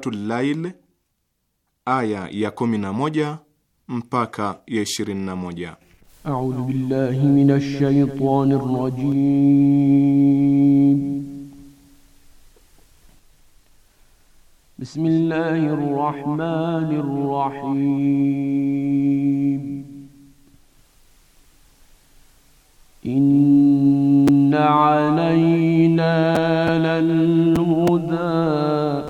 Suratul Lail aya ya moja mpaka ya moja. A'udhu billahi minash shaitanir rajim. Bismillahir rahmanir rahim. Inna alayna lal huda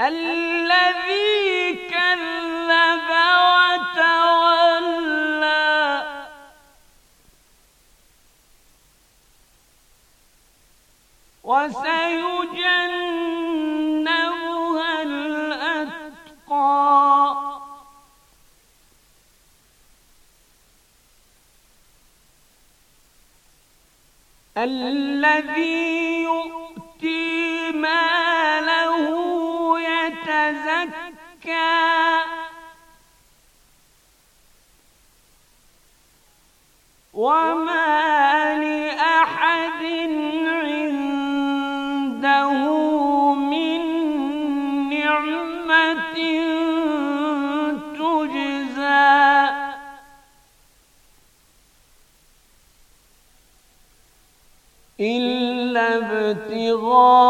الذي كذب وتولى وسيجنبها الأتقى الذي وما لأحد عنده من نعمة تجزى إلا ابتغاء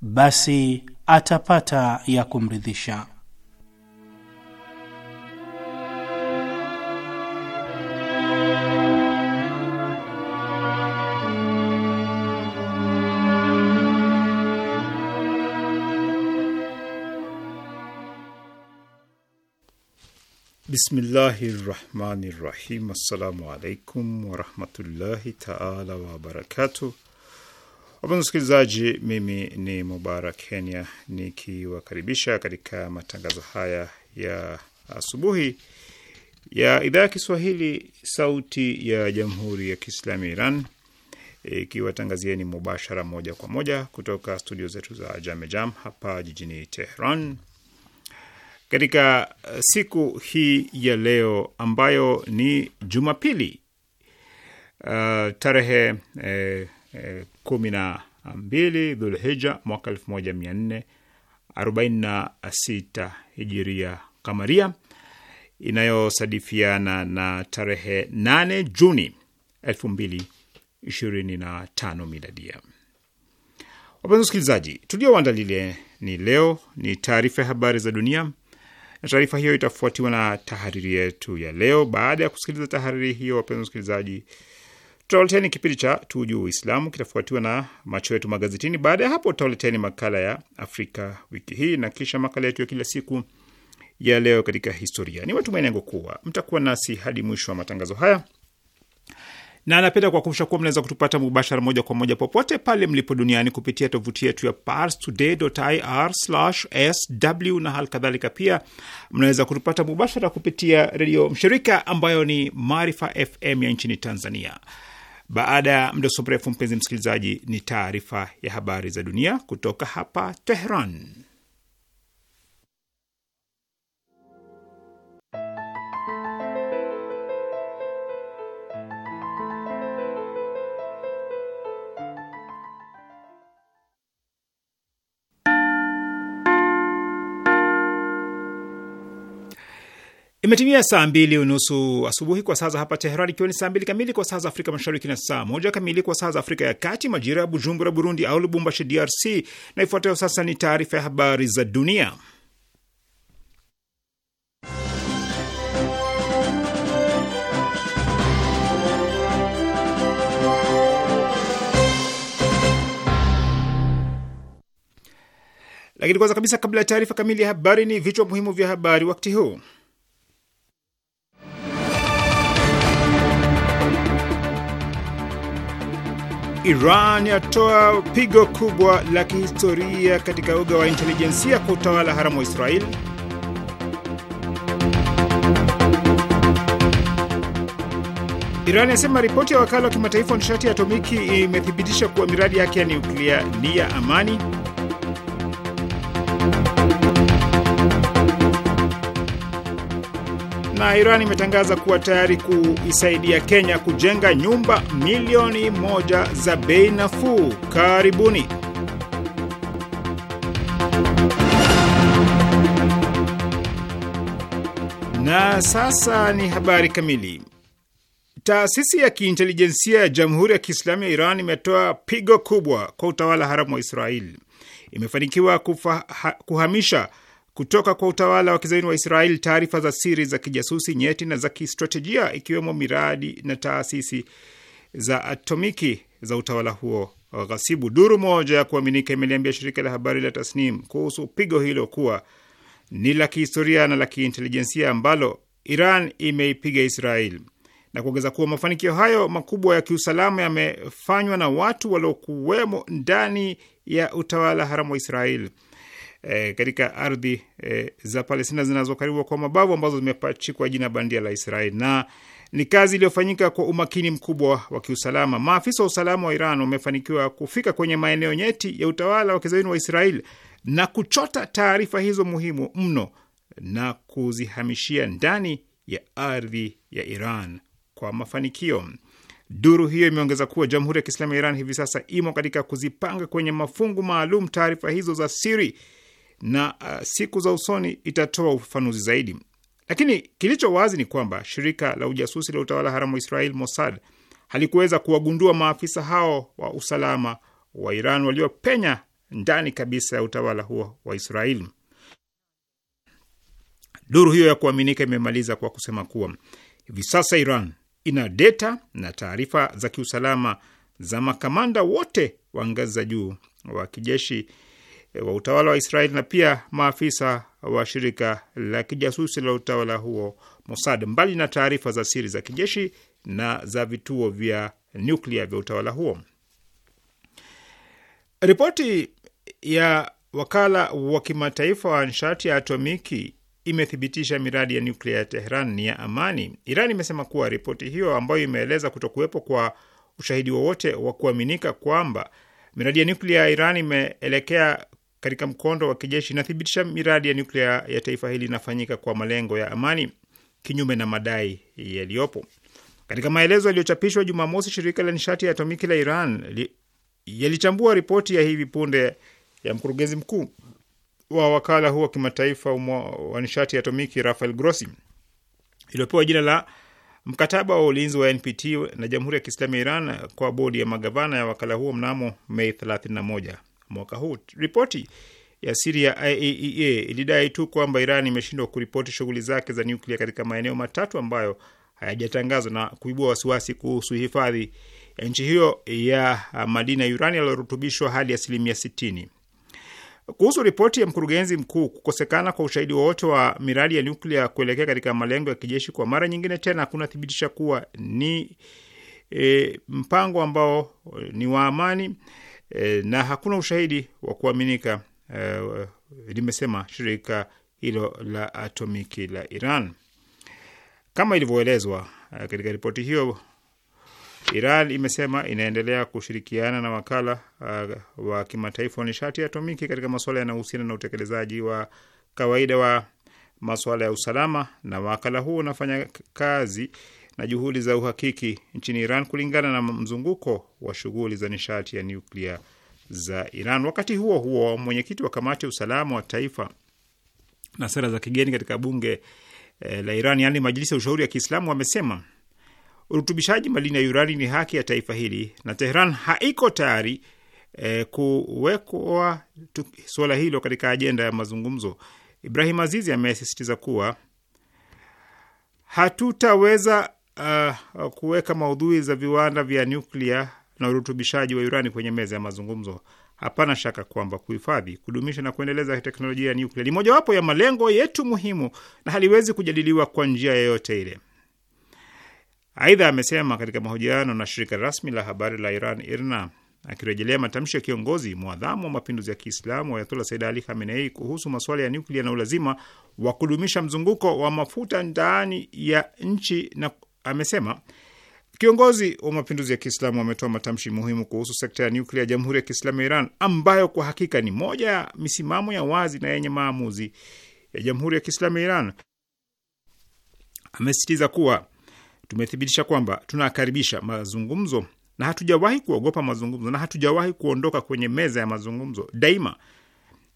basi atapata ya kumridhisha. Bismillahi rahmani rahim. Assalamu alaikum warahmatullahi taala wabarakatuh. Wapenzi wasikilizaji, mimi ni Mubarak Kenya nikiwakaribisha katika matangazo haya ya asubuhi ya idhaa ya Kiswahili sauti ya jamhuri ya Kiislamu ya Iran ikiwatangazieni mubashara moja kwa moja kutoka studio zetu za Jamejam hapa jijini Tehran katika siku hii ya leo ambayo ni Jumapili uh, tarehe eh, kumi na mbili Dhulhija mwaka elfu moja mia nne arobaini na sita hijiria kamaria inayosadifiana na tarehe nane Juni elfu mbili ishirini na tano miladia. Wapenzi wasikilizaji, tulioandalile ni leo ni taarifa ya habari za dunia, na taarifa hiyo itafuatiwa na tahariri yetu ya leo. Baada ya kusikiliza tahariri hiyo, wapenzi wasikilizaji, Tutawaleteni kipindi cha juu Uislamu, kitafuatiwa na macho yetu magazetini. Baada ya hapo, tutawaleteni makala ya Afrika wiki hii na kisha makala yetu ya kila siku ya leo katika historia. Ni matumaini yangu kuwa mtakuwa nasi hadi mwisho wa matangazo haya, na napenda kuwakumbusha kuwa mnaweza kutupata mubashara, moja kwa moja, popote pale mlipo duniani kupitia tovuti yetu ya parstoday.ir/sw, na hali kadhalika pia mnaweza kutupata mubashara kupitia redio mshirika ambayo ni Maarifa FM ya nchini Tanzania. Baada ya muda mrefu, mpenzi msikilizaji, ni taarifa ya habari za dunia kutoka hapa Tehran. Imetimia saa mbili unusu asubuhi kwa saa za hapa Teheran, ikiwa ni saa mbili kamili kwa saa za Afrika Mashariki na saa moja kamili kwa saa za Afrika ya Kati, majira ya Bujumbura, Burundi au Lubumbashi, DRC. Na ifuatayo sasa ni taarifa ya habari za dunia, lakini kwanza kabisa, kabla ya taarifa kamili ya habari, ni vichwa muhimu vya habari wakati huu. Iran yatoa pigo kubwa la kihistoria katika uga wa intelijensia kwa utawala haramu wa Israeli. Iran yasema ripoti ya wakala wa kimataifa wa nishati ya atomiki imethibitisha kuwa miradi yake ya nuklia ni ya amani. na Iran imetangaza kuwa tayari kuisaidia Kenya kujenga nyumba milioni moja za bei nafuu. Karibuni. Na sasa ni habari kamili. Taasisi ya kiintelijensia ya Jamhuri ya Kiislamu ya Iran imetoa pigo kubwa kwa utawala haramu wa Israeli. Imefanikiwa kuhamisha kutoka kwa utawala wa kizaini wa israel taarifa za siri za kijasusi nyeti na za kistratejia, ikiwemo miradi na taasisi za atomiki za utawala huo ghasibu. Duru moja ya kuaminika imeliambia shirika la habari la Tasnim kuhusu pigo hilo kuwa ni la kihistoria na la kiintelijensia ambalo Iran imeipiga Israel na kuongeza kuwa mafanikio hayo makubwa ya kiusalama yamefanywa na watu waliokuwemo ndani ya utawala haramu wa Israel e, katika ardhi e, za Palestina zinazokaribwa kwa mabavu ambazo zimepachikwa jina bandia la Israeli na ni kazi iliyofanyika kwa umakini mkubwa wa kiusalama. Maafisa wa usalama wa Iran wamefanikiwa kufika kwenye maeneo nyeti ya utawala wa kizayuni wa Israeli na kuchota taarifa hizo muhimu mno na kuzihamishia ndani ya ardhi ya Iran kwa mafanikio. Duru hiyo imeongeza kuwa Jamhuri ya Kiislamu ya Iran hivi sasa imo katika kuzipanga kwenye mafungu maalum taarifa hizo za siri na uh, siku za usoni itatoa ufafanuzi zaidi, lakini kilicho wazi ni kwamba shirika la ujasusi la utawala haramu wa Israel Mossad halikuweza kuwagundua maafisa hao wa usalama wa Iran waliopenya ndani kabisa ya utawala huo wa Israel. Duru hiyo ya kuaminika imemaliza kwa kusema kuwa hivi sasa Iran ina data na taarifa za kiusalama za makamanda wote wa ngazi za juu wa kijeshi wa utawala wa Israeli na pia maafisa wa shirika la kijasusi la utawala huo Mossad, mbali na taarifa za siri za kijeshi na za vituo vya nyuklia vya utawala huo. Ripoti ya wakala wa kimataifa wa nishati ya atomiki imethibitisha miradi ya nyuklia ya Tehran ni ya amani. Iran imesema kuwa ripoti hiyo ambayo imeeleza kutokuwepo kwa ushahidi wowote wa kuaminika kwamba miradi ya nyuklia ya Iran imeelekea katika mkondo wa kijeshi inathibitisha miradi ya nyuklia ya taifa hili inafanyika kwa malengo ya amani, kinyume na madai yaliyopo. Katika maelezo yaliyochapishwa Jumamosi, shirika la nishati ya atomiki la Iran li, yalichambua ripoti ya hivi punde ya mkurugenzi mkuu wa wakala huu wa kimataifa wa nishati ya atomiki Rafael Grossi iliyopewa jina la mkataba wa ulinzi wa NPT na Jamhuri ya Kiislamu ya Iran kwa bodi ya magavana ya wakala huo mnamo Mei 31 mwaka huu. Ripoti ya siri ya IAEA e ilidai tu kwamba Iran imeshindwa kuripoti shughuli zake za nyuklia katika maeneo matatu ambayo hayajatangazwa na kuibua wasiwasi kuhusu hifadhi ya nchi hiyo ya madini ya urani yaliyorutubishwa hadi asilimia sitini. Kuhusu ripoti ya mkurugenzi mkuu, kukosekana kwa ushahidi wowote wa miradi ya nyuklia kuelekea katika malengo ya kijeshi kwa mara nyingine tena kunathibitisha kuwa ni e, mpango ambao eh, ni wa amani e, na hakuna ushahidi wa kuaminika e, limesema shirika hilo la atomiki la Iran. Kama ilivyoelezwa e, katika ripoti hiyo, Iran imesema inaendelea kushirikiana na wakala uh, wa kimataifa wa nishati ya atomiki katika masuala yanayohusiana na utekelezaji wa kawaida wa masuala ya usalama, na wakala huo unafanya kazi na juhudi za uhakiki nchini Iran kulingana na mzunguko wa shughuli za nishati ya nyuklia za Iran. Wakati huo huo, mwenyekiti wa kamati ya usalama wa taifa na sera za kigeni katika bunge e, la Iran, yaani majilisi ya ushauri ya Kiislamu, wamesema urutubishaji madini ya urani ni haki ya taifa hili na Tehran haiko tayari e, kuwekwa suala hilo katika ajenda ya mazungumzo. Ibrahim Azizi amesisitiza kuwa hatutaweza Uh, uh, kuweka maudhui za viwanda vya nyuklia na urutubishaji wa urani kwenye meza ya mazungumzo. Hapana shaka kwamba kuhifadhi, kudumisha na kuendeleza teknolojia ya nyuklia ni mojawapo ya malengo yetu muhimu na haliwezi kujadiliwa kwa njia yoyote ile. Aidha, amesema katika mahojiano na shirika rasmi la habari la Iran IRNA akirejelea matamshi ya kiongozi mwadhamu wa mapinduzi ya Kiislamu Ayatollah Said Ali Khamenei kuhusu masuala ya nyuklia na ulazima wa kudumisha mzunguko wa mafuta ndani ya nchi na amesema kiongozi wa mapinduzi ya Kiislamu ametoa matamshi muhimu kuhusu sekta ya nyuklia ya Jamhuri ya Kiislamu ya Iran, ambayo kwa hakika ni moja ya misimamo ya wazi na yenye maamuzi ya Jamhuri ya Kiislamu ya Iran. Amesisitiza kuwa tumethibitisha kwamba tunakaribisha mazungumzo na hatujawahi kuogopa mazungumzo na hatujawahi kuondoka kwenye meza ya mazungumzo. Daima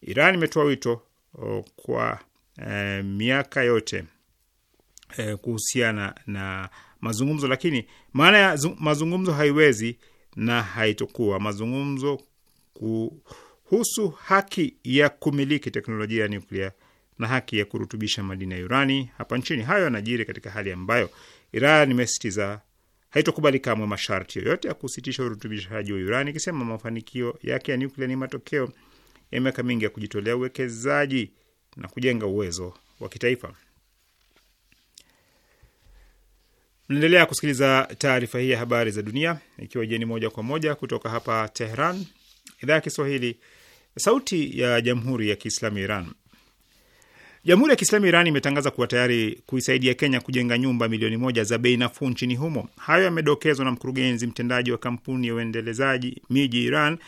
Iran imetoa wito uh, kwa eh, miaka yote eh, kuhusiana na mazungumzo, lakini maana ya mazungumzo haiwezi na haitokuwa mazungumzo kuhusu haki ya kumiliki teknolojia ya nuklia na haki ya kurutubisha madini ya urani hapa nchini. Hayo yanajiri katika hali ambayo Iran imesitiza haitokubali kamwe masharti yoyote ya kusitisha urutubishaji wa urani, ikisema mafanikio yake ya nuklia ni matokeo ya miaka mingi ya kujitolea, uwekezaji na kujenga uwezo wa kitaifa. Mnaendelea kusikiliza taarifa hii ya habari za dunia ikiwa jeni moja kwa moja kutoka hapa Tehran, idhaa ya Kiswahili, sauti ya jamhuri ya kiislamu ya Iran. Jamhuri ya Kiislamu Iran imetangaza kuwa tayari kuisaidia Kenya kujenga nyumba milioni moja za bei nafuu nchini humo. Hayo yamedokezwa na mkurugenzi mtendaji wa kampuni ya uendelezaji miji Iran,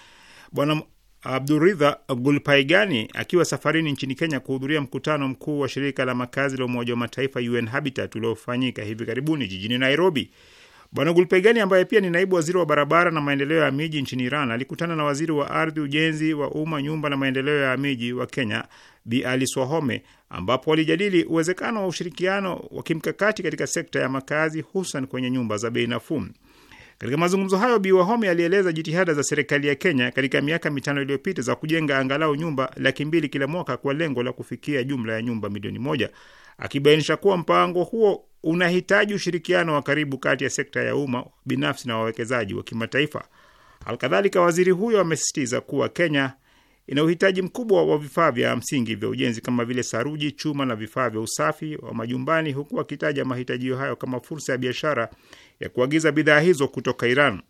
Bwana Abduridha Gulpaigani akiwa safarini nchini Kenya kuhudhuria mkutano mkuu wa shirika la makazi la Umoja wa Mataifa UN Habitat uliofanyika hivi karibuni jijini Nairobi. Bwana Gulpaigani ambaye pia ni naibu waziri wa barabara na maendeleo ya miji nchini Iran alikutana na waziri wa ardhi, ujenzi wa umma, nyumba na maendeleo ya miji wa Kenya Bi Ali Swahome, ambapo walijadili uwezekano wa ushirikiano wa kimkakati katika sekta ya makazi, hususan kwenye nyumba za bei nafuu. Katika mazungumzo hayo, Bi Wahome alieleza jitihada za serikali ya Kenya katika miaka mitano iliyopita za kujenga angalau nyumba laki mbili kila mwaka kwa lengo la kufikia jumla ya nyumba milioni moja, akibainisha kuwa mpango huo unahitaji ushirikiano wa karibu kati ya sekta ya umma binafsi na wawekezaji wa kimataifa. Alkadhalika, waziri huyo amesisitiza kuwa Kenya ina uhitaji mkubwa wa vifaa vya msingi vya ujenzi kama vile saruji, chuma na vifaa vya usafi wa majumbani, huku wakitaja mahitaji hayo kama fursa ya biashara ya kuagiza bidhaa hizo kutoka Iran.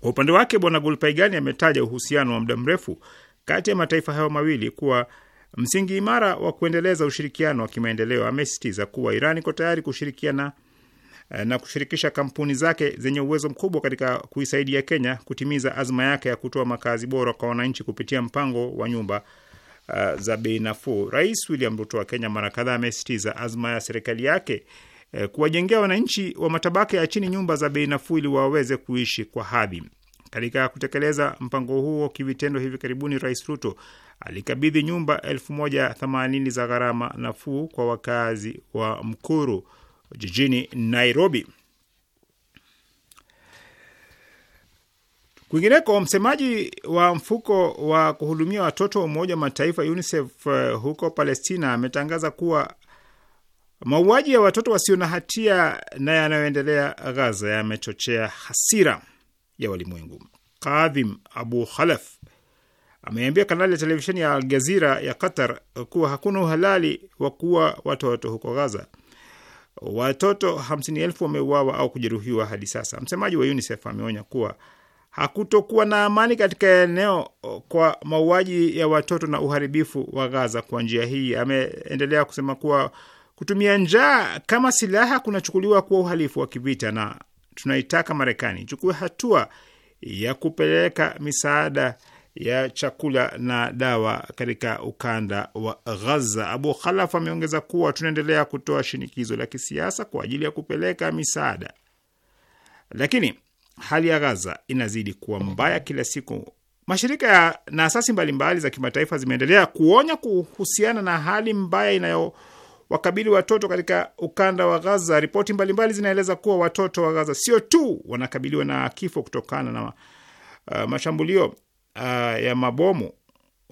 Kwa upande wake, Bwana Gulpaigani ametaja uhusiano wa muda mrefu kati ya mataifa hayo mawili kuwa msingi imara wa kuendeleza ushirikiano wa kimaendeleo. Amesisitiza kuwa Iran iko tayari kushirikiana Eh, na kushirikisha kampuni zake zenye uwezo mkubwa katika kuisaidia Kenya kutimiza azma yake ya kutoa makazi bora kwa wananchi kupitia mpango wa nyumba uh, za bei nafuu. Rais William Ruto wa Kenya mara kadhaa amesisitiza azma ya serikali yake eh, kuwajengea wananchi wa matabaka ya chini nyumba za bei nafuu ili waweze kuishi kwa hadhi. Katika kutekeleza mpango huo kivitendo, hivi karibuni Rais Ruto alikabidhi nyumba elfu moja themanini za gharama nafuu kwa wakazi wa Mkuru jijini Nairobi. Kwingineko, msemaji wa mfuko wa kuhudumia watoto wa Umoja wa Mataifa UNICEF uh, huko Palestina ametangaza kuwa mauaji ya watoto wasio na hatia na yanayoendelea Gaza yamechochea hasira ya walimwengu. Kadhim Abu Khalaf ameambia kanali ya televisheni ya Al ya Qatar kuwa hakuna uhalali wa kuwa watoto huko Gaza watoto hamsini elfu wameuawa au kujeruhiwa hadi sasa. Msemaji wa UNICEF ameonya kuwa hakutokuwa na amani katika eneo kwa mauaji ya watoto na uharibifu wa Gaza kwa njia hii. Ameendelea kusema kuwa kutumia njaa kama silaha kunachukuliwa kuwa uhalifu wa kivita, na tunaitaka Marekani ichukue hatua ya kupeleka misaada ya chakula na dawa katika ukanda wa Ghaza. Abu Khalaf ameongeza kuwa tunaendelea kutoa shinikizo la kisiasa kwa ajili ya kupeleka misaada, lakini hali ya Ghaza inazidi kuwa mbaya kila siku. Mashirika na asasi mbalimbali za kimataifa zimeendelea kuonya kuhusiana na hali mbaya inayowakabili watoto katika ukanda wa Ghaza. Ripoti mbalimbali zinaeleza kuwa watoto wa Ghaza sio tu wanakabiliwa na kifo kutokana na uh, mashambulio uh, ya mabomu,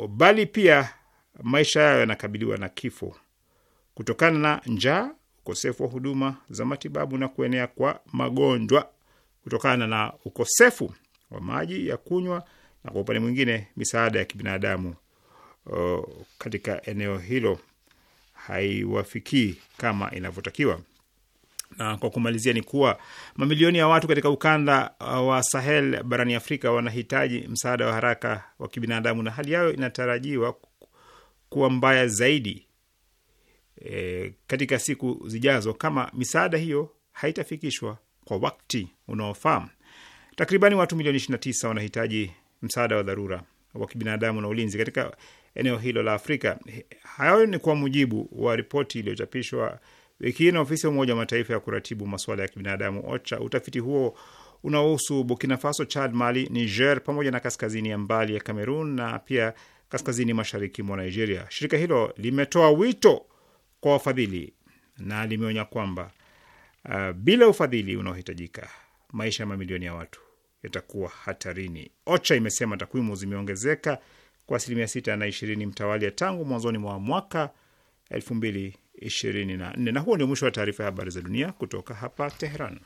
bali pia maisha yao yanakabiliwa na kifo kutokana na njaa, ukosefu wa huduma za matibabu na kuenea kwa magonjwa kutokana na ukosefu wa maji ya kunywa na kwa upande mwingine misaada ya kibinadamu o, katika eneo hilo haiwafikii kama inavyotakiwa. Na ah, kwa kumalizia ni kuwa mamilioni ya watu katika ukanda ah, wa Sahel barani Afrika wanahitaji msaada wa haraka wa kibinadamu na hali yao inatarajiwa kuwa mbaya zaidi e, katika siku zijazo kama misaada hiyo haitafikishwa kwa wakati unaofaa. Takribani watu milioni 29 wanahitaji msaada wa dharura wa kibinadamu na ulinzi katika eneo hilo la Afrika. Hayo ni kwa mujibu wa ripoti iliyochapishwa wiki hii na ofisi ya Umoja wa Mataifa ya kuratibu masuala ya kibinadamu OCHA. Utafiti huo unaohusu Burkina Faso, Chad, Mali, Niger pamoja na kaskazini ya mbali ya Kamerun na pia kaskazini mashariki mwa Nigeria. Shirika hilo limetoa wito kwa wafadhili na limeonya kwamba uh, bila ufadhili unaohitajika maisha ya mamilioni ya watu yatakuwa hatarini. OCHA imesema takwimu zimeongezeka kwa asilimia sita na ishirini mtawalia tangu mwanzoni mwa mwaka elfu mbili ishirini na nne. Na huo ndio mwisho wa taarifa ya habari za dunia kutoka hapa Teheran.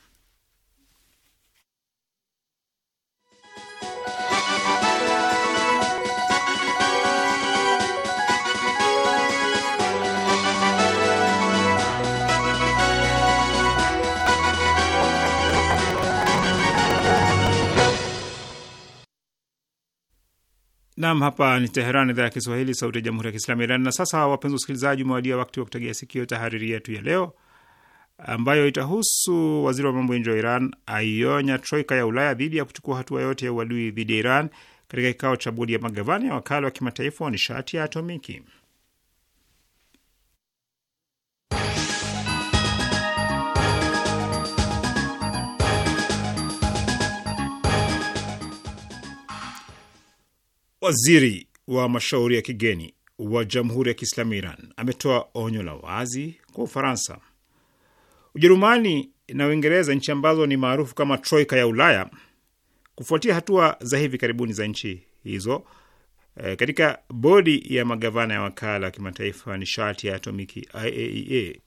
Nam, hapa ni Teheran, idhaa ya Kiswahili, sauti ya jamhuri ya kiislamu ya Iran. Na sasa, wapenzi wasikilizaji, umewadia wakati wa kutegea sikio tahariri yetu ya leo ambayo itahusu waziri wa mambo ya nje wa Iran aionya troika ya Ulaya dhidi ya kuchukua hatua yote ya uadui dhidi ya Iran katika kikao cha bodi ya magavana ya wakala wa kimataifa wa nishati ya atomiki. Waziri wa mashauri ya kigeni wa Jamhuri ya Kiislamu ya Iran ametoa onyo la wazi kwa Ufaransa, Ujerumani na Uingereza, nchi ambazo ni maarufu kama troika ya Ulaya, kufuatia hatua za hivi karibuni za nchi hizo e, katika bodi ya magavana ya wakala wa kimataifa nishati ya atomiki IAEA. E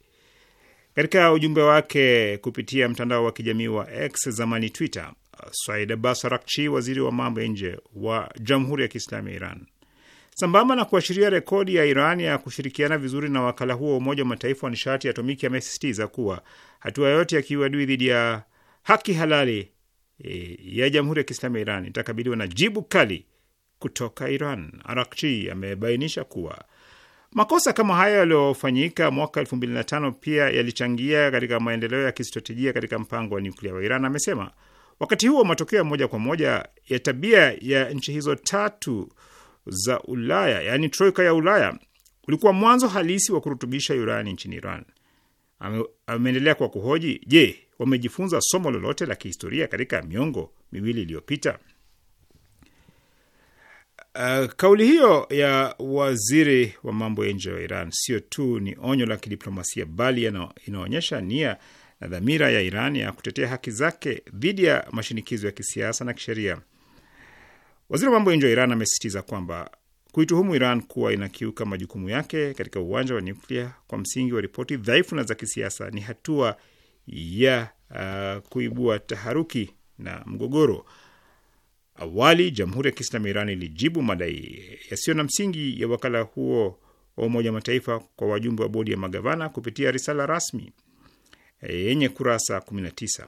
katika ujumbe wake kupitia mtandao wa kijamii wa X zamani Twitter, Said Abbas Arakchi, waziri wa mambo ya nje wa Jamhuri ya Kiislamu ya Iran, sambamba na kuashiria rekodi ya Iran ya kushirikiana vizuri na wakala huo wa Umoja wa Mataifa wa nishati ya atomiki, amesisitiza kuwa hatua yote ya kiuadui dhidi ya haki halali e, ya Jamhuri ya Kiislamu ya Iran itakabiliwa na jibu kali kutoka Iran. Arakchi amebainisha kuwa makosa kama hayo yaliyofanyika mwaka 2005 pia yalichangia katika maendeleo ya kistratejia katika mpango wa nyuklia wa Iran. Amesema Wakati huo matokeo ya moja kwa moja ya tabia ya nchi hizo tatu za Ulaya, yaani troika ya Ulaya, ulikuwa mwanzo halisi wa kurutubisha urani nchini Iran. Ameendelea kwa kuhoji, je, wamejifunza somo lolote la kihistoria katika miongo miwili iliyopita? Uh, kauli hiyo ya waziri wa mambo ya nje wa Iran sio tu ni onyo la kidiplomasia bali inaonyesha nia dhamira ya Iran ya kutetea haki zake dhidi ya mashinikizo ya kisiasa na kisheria. Waziri wa mambo ya nje wa Iran amesisitiza kwamba kuituhumu Iran kuwa inakiuka majukumu yake katika uwanja wa nyuklia kwa msingi wa ripoti dhaifu na za kisiasa ni hatua ya uh, kuibua taharuki na mgogoro. Awali Jamhuri ya Kiislamu ya Iran ilijibu madai yasiyo na msingi ya wakala huo wa Umoja wa Mataifa kwa wajumbe wa bodi ya magavana kupitia risala rasmi yenye kurasa 19.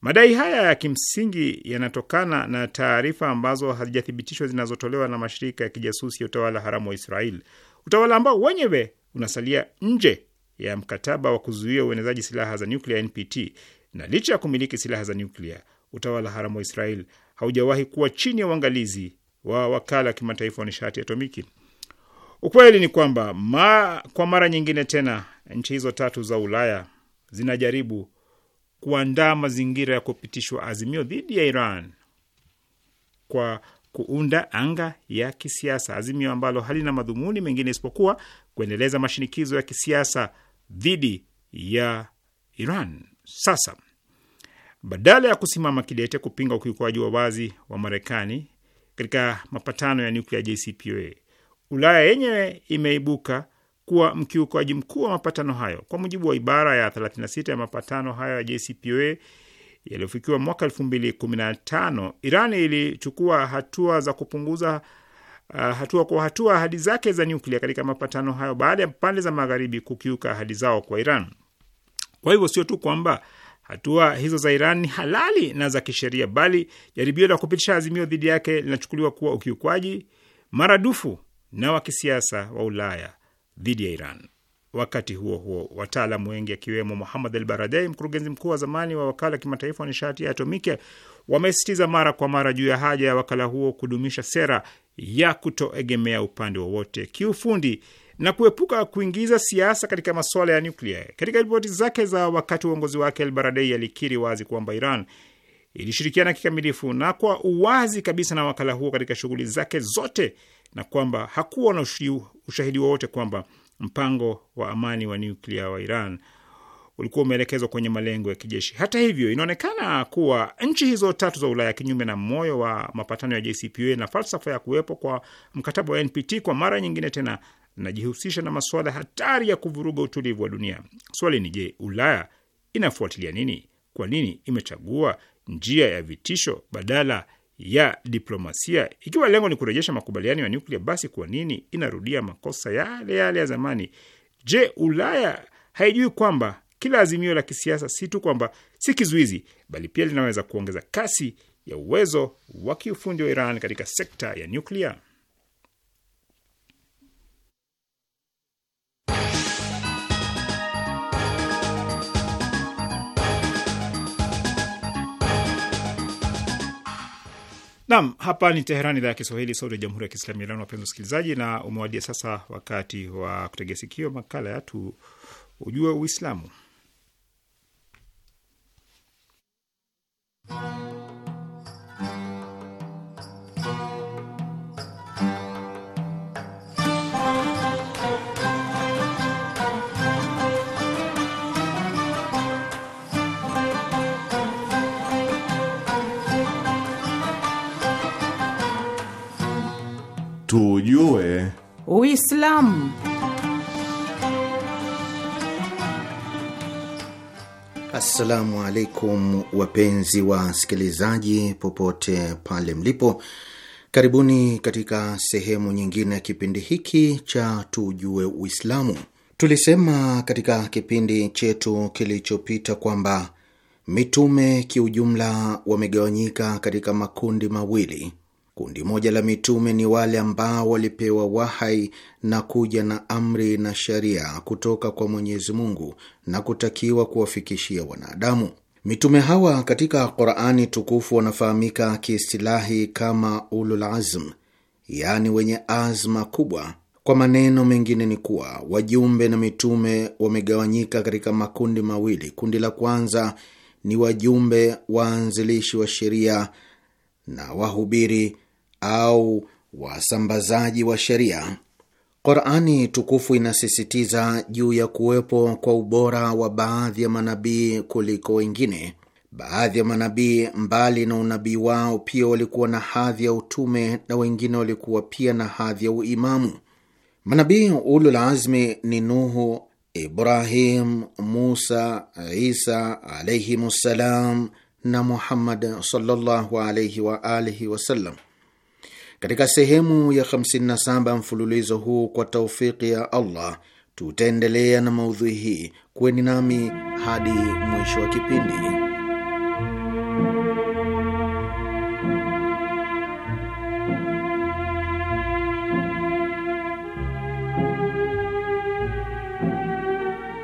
Madai haya ya kimsingi yanatokana na taarifa ambazo hazijathibitishwa zinazotolewa na mashirika ya kijasusi ya utawala haramu wa Israel, utawala ambao wenyewe unasalia nje ya mkataba wa kuzuia uenezaji silaha za nyuklia NPT, na licha ya kumiliki silaha za nyuklia, utawala haramu wa Israel haujawahi kuwa chini ya uangalizi wa wakala wa kimataifa wa nishati atomiki. Ukweli ni kwamba ma, kwa mara nyingine tena nchi hizo tatu za Ulaya zinajaribu kuandaa mazingira ya kupitishwa azimio dhidi ya Iran kwa kuunda anga ya kisiasa, azimio ambalo halina madhumuni mengine isipokuwa kuendeleza mashinikizo ya kisiasa dhidi ya Iran. Sasa badala ya kusimama kidete kupinga ukiukwaji wa wazi wa Marekani katika mapatano ya nuklia JCPOA Ulaya yenyewe imeibuka kuwa mkiukaji mkuu wa mapatano hayo. Kwa mujibu wa ibara ya 36 ya mapatano hayo ya JCPOA yaliyofikiwa mwaka 2015, Iran ilichukua hatua za kupunguza uh, hatua kwa hatua ahadi zake za nyuklia katika mapatano hayo baada ya pande za magharibi kukiuka ahadi zao kwa Iran. Kwa hivyo sio tu kwamba hatua hizo za Iran ni halali na za kisheria, bali jaribio la kupitisha azimio dhidi yake linachukuliwa kuwa ukiukwaji maradufu na wa kisiasa wa Ulaya dhidi ya Iran. Wakati huo huo, wataalamu wengi akiwemo Muhamad Al Baradei, mkurugenzi mkuu wa zamani wa wakala wa kimataifa wa nishati ya atomiki, wamesisitiza mara kwa mara juu ya haja ya wakala huo kudumisha sera ya kutoegemea upande wowote kiufundi na kuepuka kuingiza siasa katika masuala ya nuklia. Katika ripoti zake za wakati uongozi wake, El Baradei alikiri wazi kwamba Iran ilishirikiana kikamilifu na kwa uwazi kabisa na wakala huo katika shughuli zake zote na kwamba hakuwa na ushahidi wowote kwamba mpango wa amani wa nyuklia wa Iran ulikuwa umeelekezwa kwenye malengo ya kijeshi. Hata hivyo, inaonekana kuwa nchi hizo tatu za Ulaya, kinyume na moyo wa mapatano ya JCPOA na falsafa ya kuwepo kwa mkataba wa NPT, kwa mara nyingine tena najihusisha na masuala hatari ya kuvuruga utulivu wa dunia. Swali ni je, Ulaya inafuatilia nini? Kwa nini imechagua njia ya vitisho badala ya diplomasia. Ikiwa lengo ni kurejesha makubaliano ya nyuklia, basi kwa nini inarudia makosa yale yale ya zamani? Je, Ulaya haijui kwamba kila azimio la kisiasa si tu kwamba si kizuizi, bali pia linaweza kuongeza kasi ya uwezo wa kiufundi wa Iran katika sekta ya nyuklia? Naam, hapa ni Teherani, idhaa ya Kiswahili, sauti ya jamhuri ya kiislamu ya Iran. Wapenzi wasikilizaji, na umewadia sasa wakati wa kutegea sikio makala ya tu ujue Uislamu. Tujue Uislamu. Assalamu alaikum, wapenzi wa sikilizaji popote pale mlipo, karibuni katika sehemu nyingine ya kipindi hiki cha Tujue Uislamu. Tulisema katika kipindi chetu kilichopita kwamba mitume kiujumla wamegawanyika katika makundi mawili Kundi moja la mitume ni wale ambao walipewa wahai na kuja na amri na sheria kutoka kwa Mwenyezi Mungu na kutakiwa kuwafikishia wanadamu. Mitume hawa katika Qurani tukufu wanafahamika kiistilahi kama ulul azm, yaani wenye azma kubwa. Kwa maneno mengine ni kuwa wajumbe na mitume wamegawanyika katika makundi mawili. Kundi la kwanza ni wajumbe waanzilishi wa sheria na wahubiri au wasambazaji wa sheria. Qurani tukufu inasisitiza juu ya kuwepo kwa ubora wa baadhi ya manabii kuliko wengine. Baadhi ya manabii mbali na unabii wao pia walikuwa na hadhi ya utume na wengine walikuwa pia na hadhi ya uimamu. Manabii ulul azmi ni Nuhu, Ibrahim, Musa, Isa alaihim ssalam na Muhammad sallallahu alaihi wa alihi wasallam. Katika sehemu ya 57 mfululizo huu kwa taufiki ya Allah tutaendelea na maudhui hii. Kuweni nami hadi mwisho wa kipindi.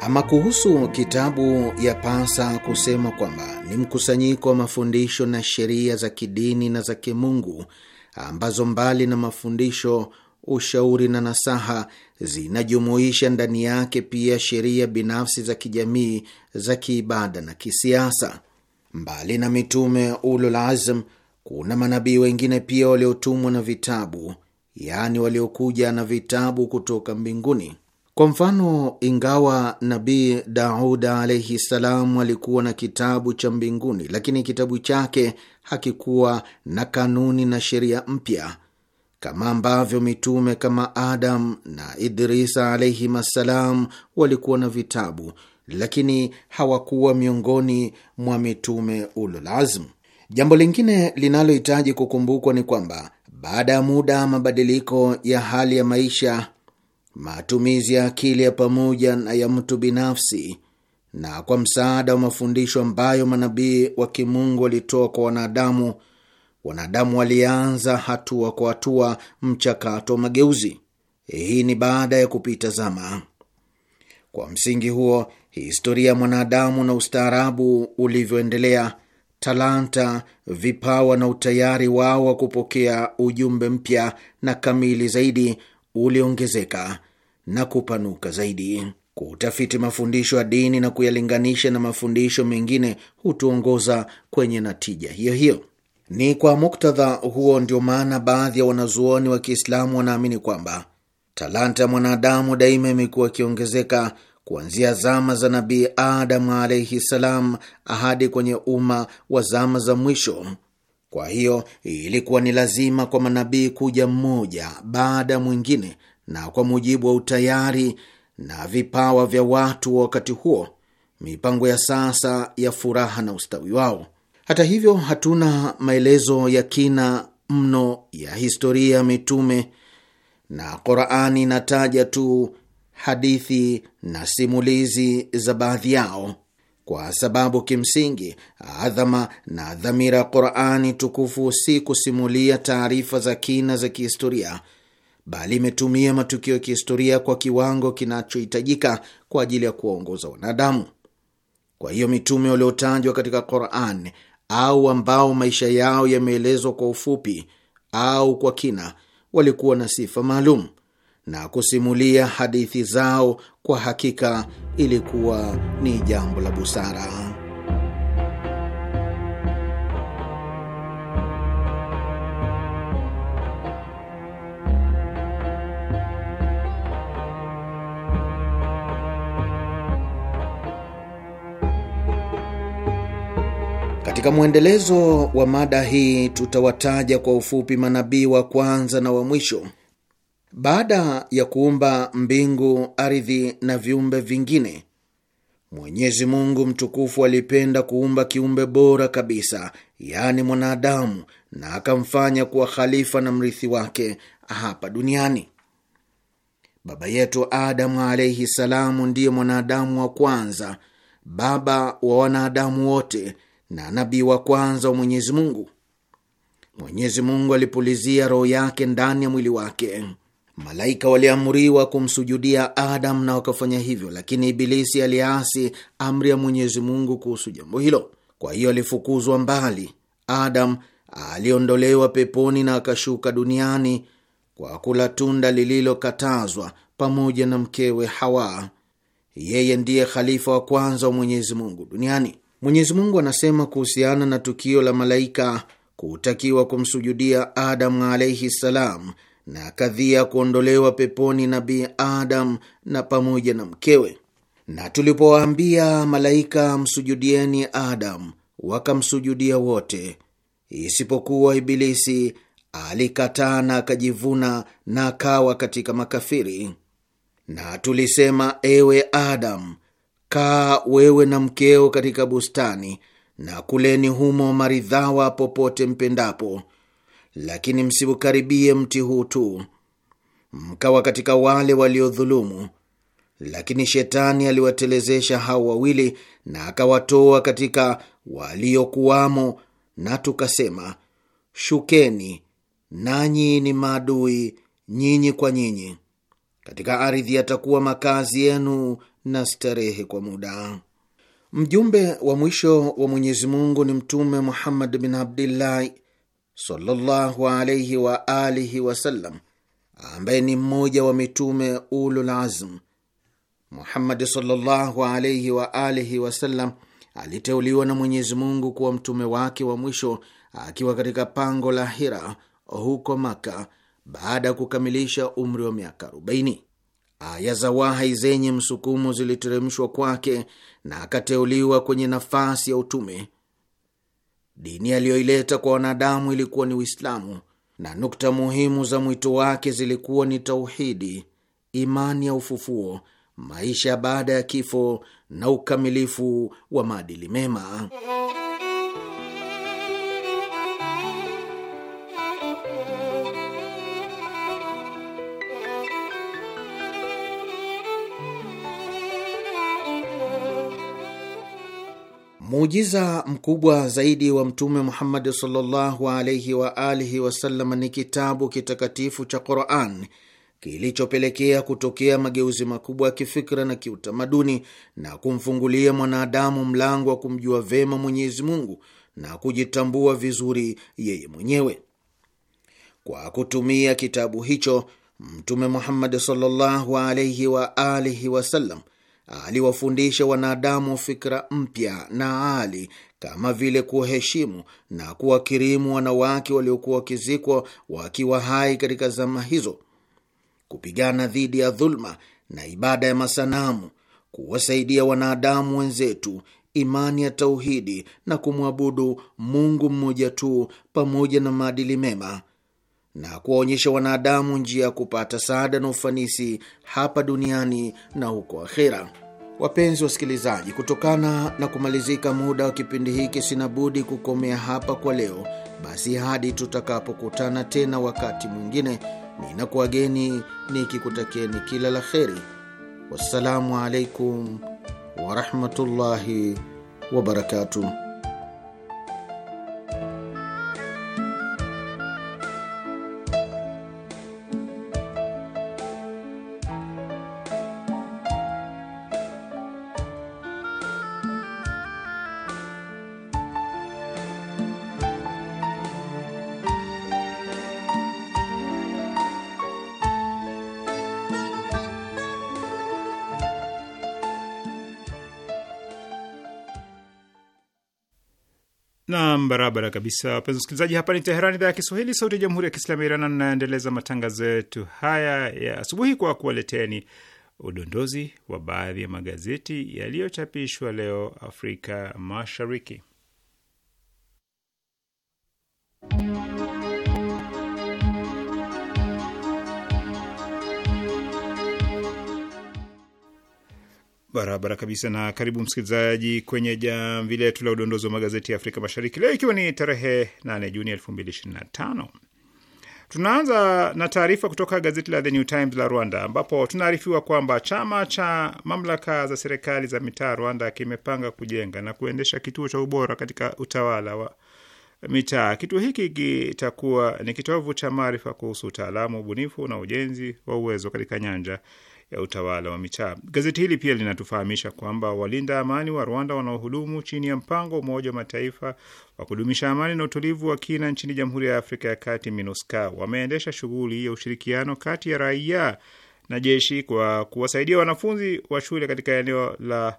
Ama kuhusu kitabu ya pasa kusema kwamba ni mkusanyiko wa mafundisho na sheria za kidini na za kimungu ambazo mbali na mafundisho, ushauri na nasaha, zinajumuisha ndani yake pia sheria binafsi za kijamii, za kiibada na kisiasa. Mbali na mitume ulul azm, kuna manabii wengine pia waliotumwa na vitabu, yaani waliokuja na vitabu kutoka mbinguni. Kwa mfano, ingawa Nabii Dauda alaihi ssalam alikuwa na kitabu cha mbinguni, lakini kitabu chake hakikuwa na kanuni na sheria mpya, kama ambavyo mitume kama Adam na Idrisa alaihim assalam walikuwa na vitabu, lakini hawakuwa miongoni mwa mitume ululazm. Jambo lingine linalohitaji kukumbukwa ni kwamba baada ya muda, mabadiliko ya hali ya maisha matumizi ya akili ya pamoja na ya mtu binafsi, na kwa msaada wa mafundisho ambayo manabii wa kimungu walitoa kwa wanadamu, wanadamu walianza hatua kwa hatua mchakato wa mageuzi. Hii ni baada ya kupita zama. Kwa msingi huo, historia ya mwanadamu na ustaarabu ulivyoendelea, talanta, vipawa na utayari wao wa kupokea ujumbe mpya na kamili zaidi uliongezeka na kupanuka zaidi. Kutafiti mafundisho ya dini na kuyalinganisha na mafundisho mengine hutuongoza kwenye natija hiyo hiyo. Ni kwa muktadha huo ndio maana baadhi ya wanazuoni wa Kiislamu wanaamini kwamba talanta ya mwanadamu daima imekuwa ikiongezeka kuanzia zama za Nabii Adamu alaihi salam hadi kwenye umma wa zama za mwisho. Kwa hiyo ilikuwa ni lazima kwa manabii kuja mmoja baada ya mwingine, na kwa mujibu wa utayari na vipawa vya watu wa wakati huo, mipango ya sasa ya furaha na ustawi wao. Hata hivyo, hatuna maelezo ya kina mno ya historia ya mitume, na Qurani inataja tu hadithi na simulizi za baadhi yao kwa sababu kimsingi adhama na dhamira ya Qurani tukufu si kusimulia taarifa za kina za kihistoria, bali imetumia matukio ya kihistoria kwa kiwango kinachohitajika kwa ajili ya kuwaongoza wanadamu. Kwa hiyo mitume waliotajwa katika Quran au ambao maisha yao yameelezwa kwa ufupi au kwa kina walikuwa na sifa maalum na kusimulia hadithi zao, kwa hakika ilikuwa ni jambo la busara. Katika mwendelezo wa mada hii tutawataja kwa ufupi manabii wa kwanza na wa mwisho baada ya kuumba mbingu, ardhi na viumbe vingine, Mwenyezi Mungu mtukufu alipenda kuumba kiumbe bora kabisa, yaani mwanadamu, na akamfanya kuwa khalifa na mrithi wake hapa duniani. Baba yetu Adamu alaihi salamu ndiye mwanadamu wa kwanza, baba wa wanadamu wote na nabii wa kwanza wa Mwenyezi Mungu. Mwenyezi Mungu alipulizia roho yake ndani ya mwili wake Malaika waliamriwa kumsujudia Adam na wakafanya hivyo, lakini Ibilisi aliasi amri ya Mwenyezi Mungu kuhusu jambo hilo. Kwa hiyo alifukuzwa mbali. Adam aliondolewa peponi na akashuka duniani kwa kula tunda lililokatazwa pamoja na mkewe Hawa. Yeye ndiye khalifa wa kwanza wa Mwenyezi Mungu duniani. Mwenyezi Mungu anasema kuhusiana na tukio la malaika kutakiwa kumsujudia Adamu alaihi ssalam na kadhia kuondolewa peponi Nabii Adam na pamoja na mkewe. Na tulipowaambia malaika msujudieni Adam, wakamsujudia wote isipokuwa Ibilisi alikataa na akajivuna na akawa katika makafiri. Na tulisema, ewe Adam, kaa wewe na mkeo katika bustani na kuleni humo maridhawa popote mpendapo lakini msiukaribie mti huu tu, mkawa katika wale waliodhulumu. Lakini shetani aliwatelezesha hao wawili na akawatoa katika waliokuwamo, na tukasema, shukeni nanyi ni maadui nyinyi kwa nyinyi, katika ardhi yatakuwa makazi yenu na starehe kwa muda. Mjumbe wa mwisho wa Mwenyezi Mungu ni Mtume Muhammad bin Abdillahi sallallahu alaihi wa alihi wasallam, ambaye ni mmoja wa mitume ulul azm. Muhammadi sallallahu alaihi wa alihi wasallam aliteuliwa na Mwenyezi Mungu kuwa mtume wake wa mwisho akiwa katika pango la Hira huko Maka baada ya kukamilisha umri wa miaka 40. Aya za wahai zenye msukumo ziliteremshwa kwake na akateuliwa kwenye nafasi ya utume Dini aliyoileta kwa wanadamu ilikuwa ni Uislamu, na nukta muhimu za mwito wake zilikuwa ni tauhidi, imani ya ufufuo, maisha baada ya kifo na ukamilifu wa maadili mema. Muujiza mkubwa zaidi wa Mtume Muhammadi sallallahu alaihi wa alihi wasallam ni kitabu kitakatifu cha Quran kilichopelekea kutokea mageuzi makubwa ya kifikra na kiutamaduni na kumfungulia mwanadamu mlango wa kumjua vema Mwenyezi Mungu na kujitambua vizuri yeye mwenyewe. Kwa kutumia kitabu hicho, Mtume Muhammadi sallallahu alaihi wa alihi wasallam aliwafundisha wanadamu fikra mpya na ali kama vile kuwaheshimu na kuwakirimu wanawake waliokuwa wakizikwa wakiwa hai katika zama hizo, kupigana dhidi ya dhuluma na ibada ya masanamu, kuwasaidia wanadamu wenzetu imani ya tauhidi na kumwabudu Mungu mmoja tu, pamoja na maadili mema na kuwaonyesha wanadamu njia ya kupata saada na ufanisi hapa duniani na huko akhera. Wapenzi wasikilizaji, kutokana na kumalizika muda wa kipindi hiki, sinabudi kukomea hapa kwa leo. Basi hadi tutakapokutana tena wakati mwingine, ninakuwageni nikikutakieni kila la kheri. Wassalamu alaikum warahmatullahi wabarakatuh. barabara kabisa, wapenzi wasikilizaji, hapa ni Teherani, idhaa ya Kiswahili, sauti ya jamhuri ya kiislamu ya Iran. Naendeleza matangazo yetu haya ya asubuhi kwa kuwaleteni udondozi wa baadhi ya magazeti yaliyochapishwa leo Afrika Mashariki. Barabara kabisa na karibu msikilizaji kwenye jamvi letu la udondozi wa magazeti ya Afrika Mashariki leo ikiwa ni tarehe 8 Juni 2025. Tunaanza na taarifa kutoka gazeti la The New Times la Rwanda, ambapo tunaarifiwa kwamba chama cha mamlaka za serikali za mitaa Rwanda kimepanga kujenga na kuendesha kituo cha ubora katika utawala wa mitaa. Kituo hiki kitakuwa ni kitovu cha maarifa kuhusu utaalamu, ubunifu na ujenzi wa uwezo katika nyanja ya utawala wa mitaa. Gazeti hili pia linatufahamisha kwamba walinda amani wa Rwanda wanaohudumu chini ya mpango wa Umoja wa Mataifa wa kudumisha amani na utulivu wa kina nchini Jamhuri ya Afrika ya Kati, MINUSCA, wameendesha shughuli ya ushirikiano kati ya raia na jeshi kwa kuwasaidia wanafunzi wa shule katika eneo la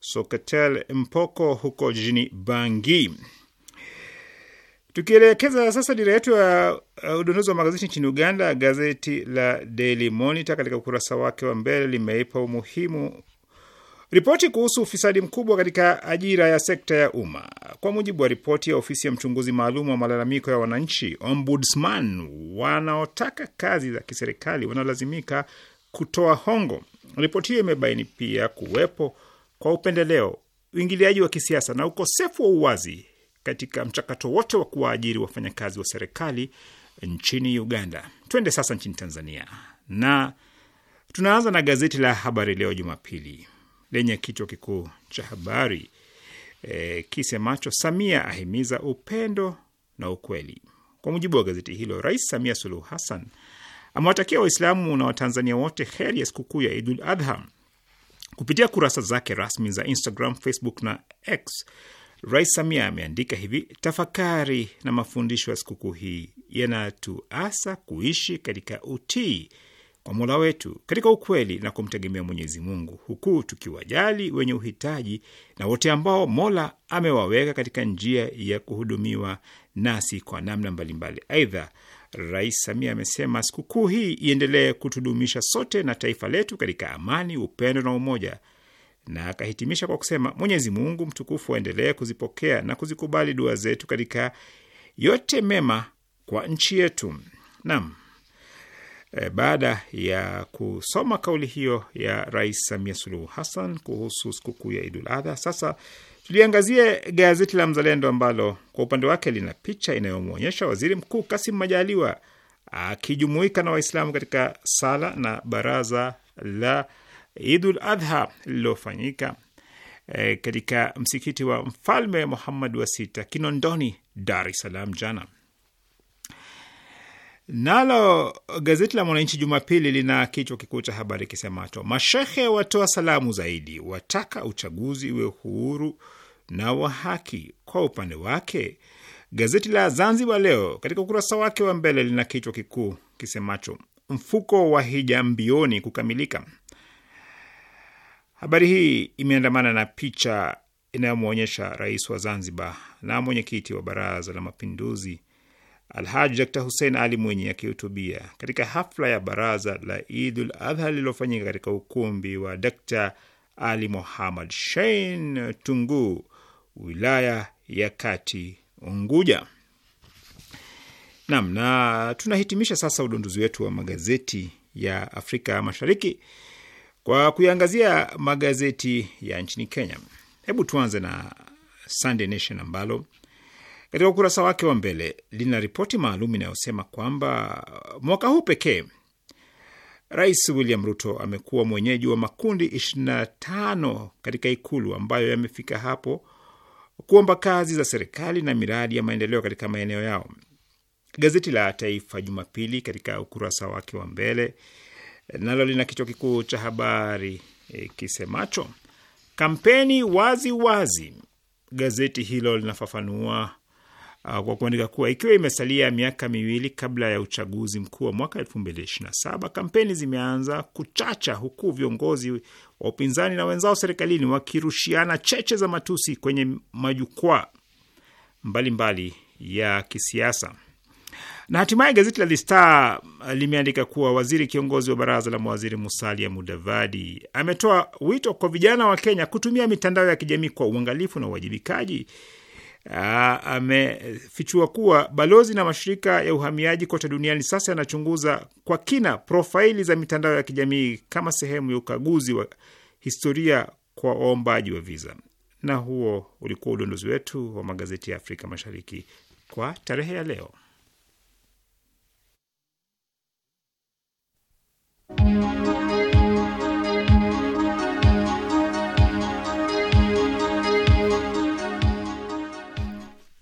Soketel Mpoko huko jijini Bangi. Tukielekeza sasa dira yetu ya uh, udondozi wa magazeti nchini Uganda, gazeti la Daily Monitor katika ukurasa wake wa mbele limeipa umuhimu ripoti kuhusu ufisadi mkubwa katika ajira ya sekta ya umma. Kwa mujibu wa ripoti ya ofisi ya mchunguzi maalum wa malalamiko ya wananchi Ombudsman, wanaotaka kazi za kiserikali wanaolazimika kutoa hongo. Ripoti hiyo imebaini pia kuwepo kwa upendeleo, uingiliaji wa kisiasa na ukosefu wa uwazi katika mchakato wote wa kuwaajiri wafanyakazi wa serikali nchini Uganda. Twende sasa nchini Tanzania na tunaanza na gazeti la Habari Leo Jumapili lenye kichwa kikuu cha habari e, kisemacho Samia ahimiza upendo na ukweli. Kwa mujibu wa gazeti hilo, Rais Samia Suluhu Hassan amewatakia Waislamu na Watanzania wote heri ya sikukuu ya Idul Adha. Kupitia kurasa zake rasmi za Instagram, Facebook na X, Rais Samia ameandika hivi: tafakari na mafundisho ya sikukuu hii yanatuasa kuishi katika utii kwa Mola wetu katika ukweli na kumtegemea Mwenyezi Mungu, huku tukiwajali wenye uhitaji na wote ambao Mola amewaweka katika njia ya kuhudumiwa nasi kwa namna mbalimbali. Aidha, Rais Samia amesema sikukuu hii iendelee kutudumisha sote na taifa letu katika amani, upendo na umoja na akahitimisha kwa kusema, Mwenyezi Mungu mtukufu aendelee kuzipokea na kuzikubali dua zetu katika yote mema kwa nchi yetu. Naam. E, baada ya kusoma kauli hiyo ya Rais Samia Suluhu Hassan kuhusu sikukuu ya Idul Adha, sasa tuliangazie gazeti la Mzalendo ambalo kwa upande wake lina picha inayomwonyesha Waziri Mkuu Kasim Majaliwa akijumuika na Waislamu katika sala na baraza la Idul Adha lililofanyika eh, katika msikiti wa Mfalme Muhammad wa sita Kinondoni, Dar es Salaam jana. Nalo gazeti la Mwananchi Jumapili lina kichwa kikuu cha habari kisemacho mashehe watoa salamu zaidi, wataka uchaguzi uwe huru na wa haki. Kwa upande wake gazeti la Zanzibar Leo katika ukurasa wake wa mbele lina kichwa kikuu kisemacho mfuko wa hija mbioni kukamilika. Habari hii imeandamana na picha inayomwonyesha rais wa Zanzibar na mwenyekiti wa Baraza la Mapinduzi Alhaji Dr Hussein Ali Mwinyi akihutubia katika hafla ya baraza la Idul Adha lililofanyika katika ukumbi wa Dr Ali Muhammad Shein tungu wilaya ya Kati, Unguja. Naam, na tunahitimisha sasa udunduzi wetu wa magazeti ya Afrika Mashariki kwa kuiangazia magazeti ya nchini Kenya, hebu tuanze na Sunday Nation ambalo katika ukurasa wake wa mbele lina ripoti maalum inayosema kwamba mwaka huu pekee Rais William Ruto amekuwa mwenyeji wa makundi 25 katika Ikulu ambayo yamefika hapo kuomba kazi za serikali na miradi ya maendeleo katika maeneo yao. Gazeti la Taifa Jumapili katika ukurasa wake wa mbele nalo lina kichwa kikuu cha habari e, kisemacho kampeni wazi wazi. Gazeti hilo linafafanua uh, kwa kuandika kuwa ikiwa imesalia miaka miwili kabla ya uchaguzi mkuu wa mwaka 2027 kampeni zimeanza kuchacha, huku viongozi wa upinzani na wenzao serikalini wakirushiana cheche za matusi kwenye majukwaa mbalimbali ya kisiasa. Na hatimaye gazeti la The Star uh, limeandika kuwa waziri kiongozi wa baraza la mawaziri Musalia Mudavadi ametoa wito kwa vijana wa Kenya kutumia mitandao ya kijamii kwa uangalifu na uwajibikaji. Uh, amefichua kuwa balozi na mashirika ya uhamiaji kote duniani sasa yanachunguza kwa kina profaili za mitandao ya kijamii kama sehemu ya ukaguzi wa historia kwa waombaji wa viza. Na huo ulikuwa udondozi wetu wa magazeti ya Afrika Mashariki kwa tarehe ya leo.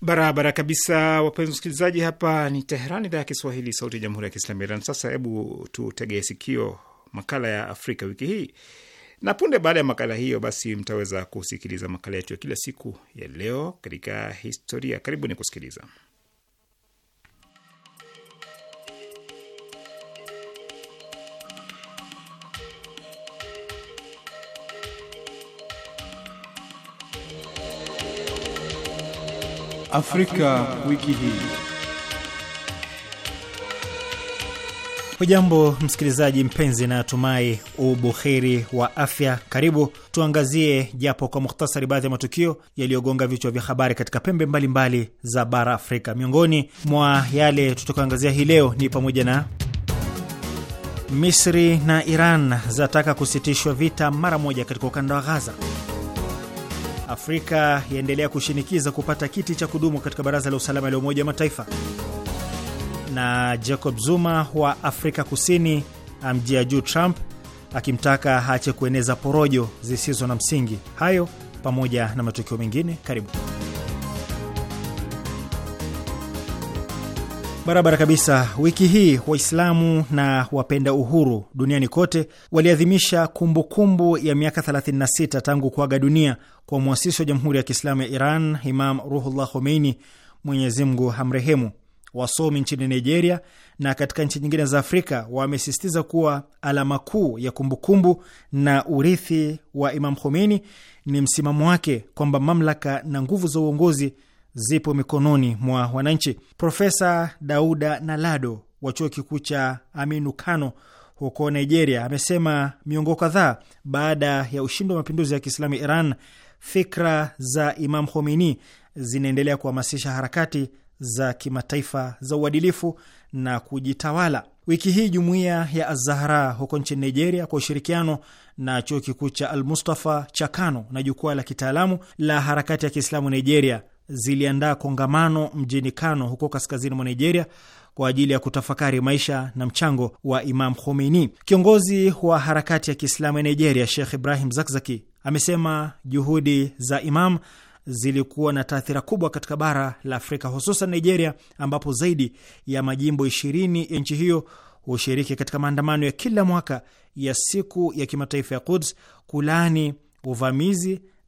Barabara kabisa, wapenzi wasikilizaji, hapa ni Teheran, idhaa ya Kiswahili, sauti ya jamhuri ya kiislamu Iran. Sasa hebu tutegee sikio makala ya Afrika wiki hii, na punde baada ya makala hiyo, basi mtaweza kusikiliza makala yetu ya kila siku ya leo katika historia. Karibuni kusikiliza. Afrika wiki hii. Hujambo msikilizaji mpenzi, na tumai ubuheri wa afya. Karibu tuangazie japo kwa muhtasari baadhi ya matukio yaliyogonga vichwa vya habari katika pembe mbalimbali mbali za bara Afrika. Miongoni mwa yale tutakaangazia hii leo ni pamoja na Misri na Iran zataka kusitishwa vita mara moja katika ukanda wa Ghaza. Afrika yaendelea kushinikiza kupata kiti cha kudumu katika baraza la usalama la Umoja wa Mataifa, na Jacob Zuma wa Afrika Kusini amjia juu Trump akimtaka aache kueneza porojo zisizo na msingi. Hayo pamoja na matukio mengine, karibu. Barabara kabisa. Wiki hii Waislamu na wapenda uhuru duniani kote waliadhimisha kumbukumbu ya miaka 36 tangu kuaga dunia kwa mwasisi wa Jamhuri ya Kiislamu ya Iran, Imam Ruhullah Khomeini, Mwenyezi Mungu hamrehemu. Wasomi nchini Nigeria na katika nchi nyingine za Afrika wamesisitiza kuwa alama kuu ya kumbukumbu kumbu na urithi wa Imam Khomeini ni msimamo wake kwamba mamlaka na nguvu za uongozi zipo mikononi mwa wananchi. Profesa Dauda Nalado wa chuo kikuu cha Aminu Kano huko Nigeria amesema miongo kadhaa baada ya ushindi wa mapinduzi ya Kiislamu ya Iran, fikra za Imam Khomeini zinaendelea kuhamasisha harakati za kimataifa za uadilifu na kujitawala. Wiki hii jumuiya ya Azahra huko nchini Nigeria kwa ushirikiano na chuo kikuu cha Almustafa cha Kano na jukwaa la kitaalamu la harakati ya Kiislamu Nigeria ziliandaa kongamano mjini Kano huko kaskazini mwa Nigeria kwa ajili ya kutafakari maisha na mchango wa Imam Khomeini. Kiongozi wa harakati ya Kiislamu ya Nigeria, Sheikh Ibrahim Zakzaki, amesema juhudi za Imam zilikuwa na taathira kubwa katika bara la Afrika, hususan Nigeria, ambapo zaidi ya majimbo ishirini ya nchi hiyo hushiriki katika maandamano ya kila mwaka ya siku ya kimataifa ya Quds kulaani uvamizi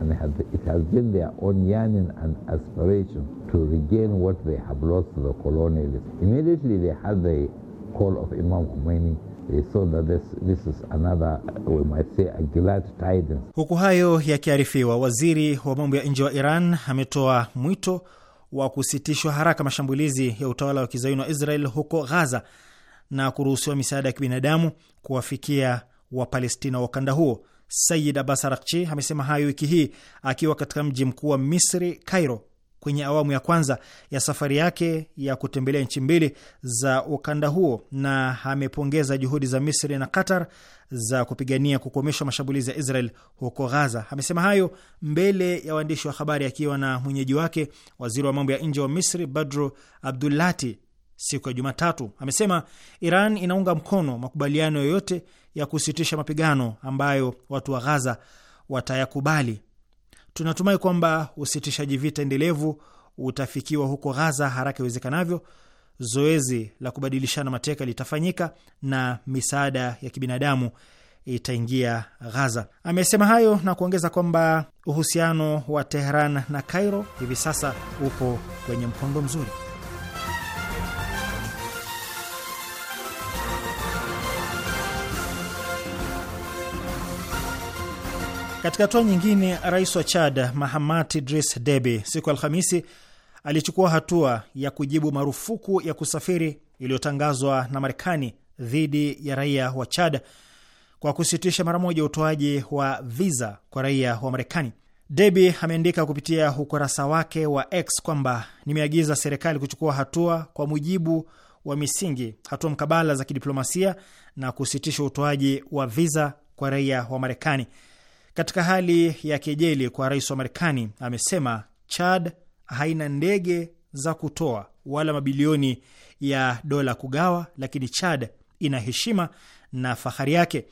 and it has been their own yearning and aspiration to regain what they have lost to the colonialists. Immediately they had the call of Imam Khomeini Huku hayo yakiarifiwa, waziri wa mambo ya nje wa Iran ametoa mwito wa kusitishwa haraka mashambulizi ya utawala wa kizayuni wa Israel huko Ghaza na kuruhusiwa misaada ya kibinadamu kuwafikia Wapalestina wa ukanda huo. Sayid Abbas Arakchi amesema hayo wiki hii akiwa katika mji mkuu wa Misri, Cairo, kwenye awamu ya kwanza ya safari yake ya kutembelea nchi mbili za ukanda huo, na amepongeza juhudi za Misri na Qatar za kupigania kukomeshwa mashambulizi ya Israel huko Ghaza. Amesema hayo mbele ya waandishi wa habari akiwa na mwenyeji wake waziri wa mambo ya nje wa Misri Badru Abdulati siku ya Jumatatu. Amesema Iran inaunga mkono makubaliano yoyote ya kusitisha mapigano ambayo watu wa Ghaza watayakubali. Tunatumai kwamba usitishaji vita endelevu utafikiwa huko Ghaza haraka iwezekanavyo. Zoezi la kubadilishana mateka litafanyika na misaada ya kibinadamu itaingia Ghaza. Amesema hayo na kuongeza kwamba uhusiano wa Tehran na Kairo hivi sasa upo kwenye mkondo mzuri. Katika hatua nyingine, rais wa Chad Mahamat Idris debi siku Alhamisi alichukua hatua ya kujibu marufuku ya kusafiri iliyotangazwa na Marekani dhidi ya raia wa Chad kwa kusitisha mara moja utoaji wa viza kwa raia wa Marekani. debi ameandika kupitia ukurasa wake wa X kwamba nimeagiza serikali kuchukua hatua kwa mujibu wa misingi, hatua mkabala za kidiplomasia na kusitisha utoaji wa viza kwa raia wa Marekani katika hali ya kejeli kwa rais wa Marekani, amesema Chad haina ndege za kutoa wala mabilioni ya dola kugawa, lakini Chad ina heshima na fahari yake.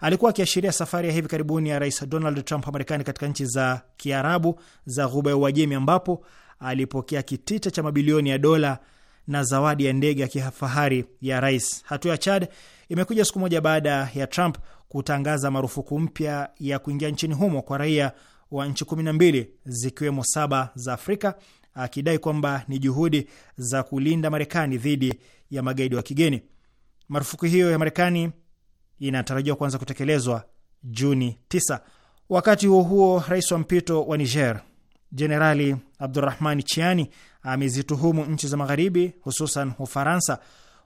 Alikuwa akiashiria safari ya hivi karibuni ya rais Donald Trump wa Marekani katika nchi za Kiarabu za Ghuba ya Uajemi, ambapo alipokea kitita cha mabilioni ya dola na zawadi ya ndege ya kifahari ya rais. Hatua ya Chad imekuja siku moja baada ya Trump kutangaza marufuku mpya ya kuingia nchini humo kwa raia wa nchi kumi na mbili zikiwemo saba za Afrika, akidai kwamba ni juhudi za kulinda Marekani dhidi ya magaidi wa kigeni. Marufuku hiyo ya Marekani inatarajiwa kuanza kutekelezwa Juni 9. Wakati huo huo, rais wa mpito wa Niger Jenerali Abdurahmani Chiani amezituhumu nchi za Magharibi, hususan Ufaransa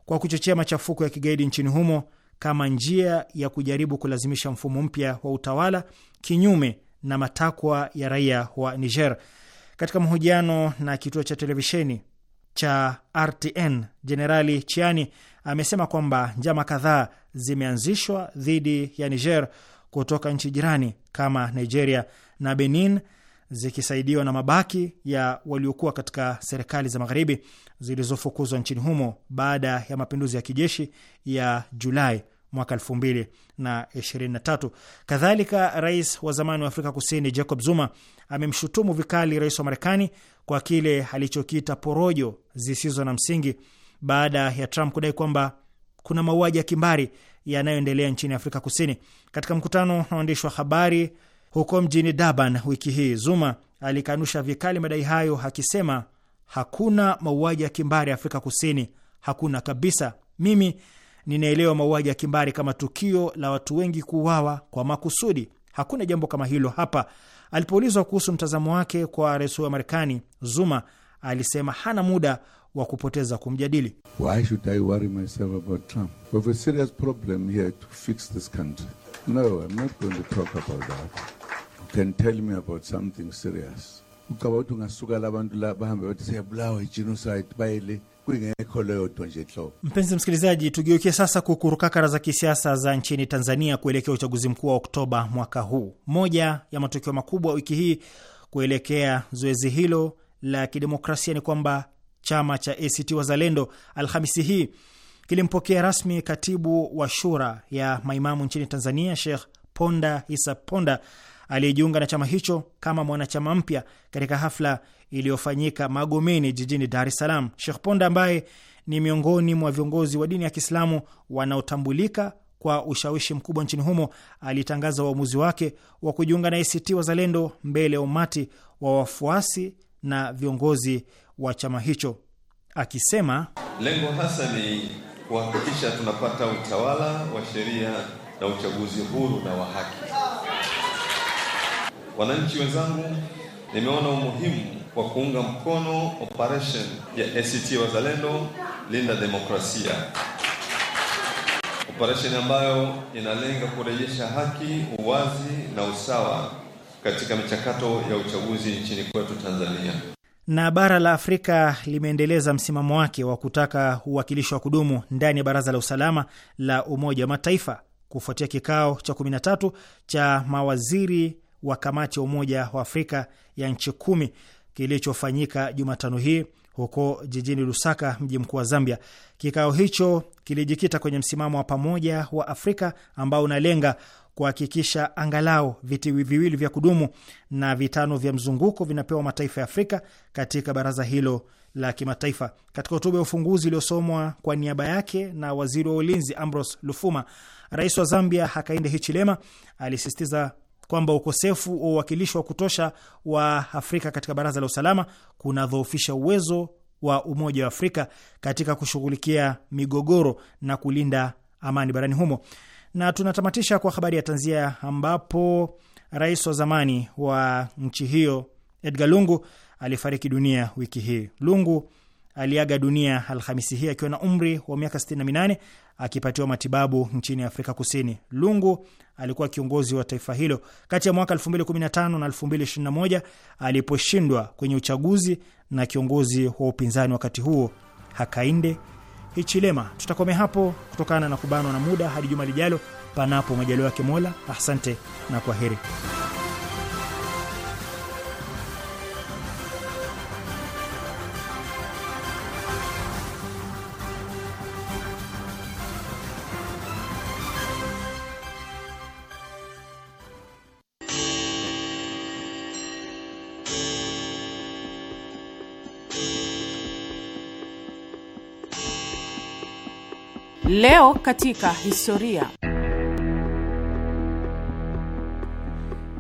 kwa kuchochea machafuko ya kigaidi nchini humo kama njia ya kujaribu kulazimisha mfumo mpya wa utawala kinyume na matakwa ya raia wa Niger. Katika mahojiano na kituo cha televisheni cha RTN, Jenerali Chiani amesema kwamba njama kadhaa zimeanzishwa dhidi ya Niger kutoka nchi jirani kama Nigeria na Benin zikisaidiwa na mabaki ya waliokuwa katika serikali za magharibi zilizofukuzwa nchini humo baada ya mapinduzi ya kijeshi ya Julai mwaka elfu mbili na na ishirini tatu. Kadhalika, rais wa zamani wa Afrika Kusini Jacob Zuma amemshutumu vikali rais wa Marekani kwa kile alichokiita porojo zisizo na msingi baada ya Trump kudai kwamba kuna mauaji ya kimbari yanayoendelea nchini Afrika Kusini. Katika mkutano na waandishi wa habari huko mjini Durban wiki hii. Zuma alikanusha vikali madai hayo akisema, hakuna mauaji ya kimbari Afrika Kusini, hakuna kabisa. Mimi ninaelewa mauaji ya kimbari kama tukio la watu wengi kuuawa kwa makusudi. Hakuna jambo kama hilo hapa. Alipoulizwa kuhusu mtazamo wake kwa rais wa Marekani, Zuma alisema hana muda wa kupoteza kumjadili. Why should I worry myself about Trump? We have a serious problem here to fix this country. No, I'm not going to talk about that. You can tell me about something serious. Ucaba ukuthi ungasuka labantu la bahambe bathi siyabulawa i-genocide bayele kwingekho leyo nto nje hlobo. Mpenzi msikilizaji, tugeukie sasa kukurukakara za kisiasa za nchini Tanzania kuelekea uchaguzi mkuu wa Oktoba mwaka huu. Moja ya matokeo makubwa wiki hii kuelekea zoezi hilo la kidemokrasia ni kwamba chama cha ACT Wazalendo Alhamisi hii kilimpokea rasmi katibu wa shura ya maimamu nchini Tanzania, Sheikh Ponda Isa Ponda aliyejiunga na chama hicho kama mwanachama mpya katika hafla iliyofanyika Magomeni jijini Dar es Salaam. Sheikh Ponda ambaye ni miongoni mwa viongozi wa dini ya Kiislamu wanaotambulika kwa ushawishi mkubwa nchini humo alitangaza uamuzi wake wa kujiunga na ACT Wazalendo mbele ya umati wa wafuasi na viongozi wa chama hicho akisema, lengo hasa ni kuhakikisha tunapata utawala wa sheria na uchaguzi huru na wa haki. Wananchi wenzangu, nimeona umuhimu wa kuunga mkono operation ya ACT Wazalendo Linda Demokrasia, operation ambayo inalenga kurejesha haki, uwazi na usawa katika michakato ya uchaguzi nchini kwetu Tanzania na bara la Afrika limeendeleza msimamo wake wa kutaka uwakilishi wa kudumu ndani ya Baraza la Usalama la Umoja wa Mataifa kufuatia kikao cha 13 cha mawaziri wa kamati ya Umoja wa Afrika ya nchi kumi kilichofanyika Jumatano hii huko jijini Lusaka, mji mkuu wa Zambia. Kikao hicho kilijikita kwenye msimamo wa pamoja wa Afrika ambao unalenga kuhakikisha angalau viti viwili vya kudumu na vitano vya mzunguko vinapewa mataifa ya Afrika katika baraza hilo la kimataifa. Katika hotuba ya ufunguzi iliyosomwa kwa niaba yake na waziri wa ulinzi Ambrose Lufuma, rais wa Zambia Hakainde Hichilema alisisitiza kwamba ukosefu wa uwakilishi wa kutosha wa Afrika katika baraza la usalama kunadhoofisha uwezo wa Umoja wa Afrika katika kushughulikia migogoro na kulinda amani barani humo. Na tunatamatisha kwa habari ya tanzia, ambapo rais wa zamani wa nchi hiyo Edgar Lungu alifariki dunia wiki hii. Lungu aliaga dunia Alhamisi hii akiwa na umri wa miaka 68 akipatiwa matibabu nchini Afrika Kusini. Lungu alikuwa kiongozi wa taifa hilo kati ya mwaka 2015 na 2021 aliposhindwa kwenye uchaguzi na kiongozi wa upinzani wakati huo Hakainde Hichilema. Tutakomea hapo kutokana na kubanwa na muda, hadi juma lijalo, panapo majaliwa yake Mola. Asante na kwa heri. Leo katika historia.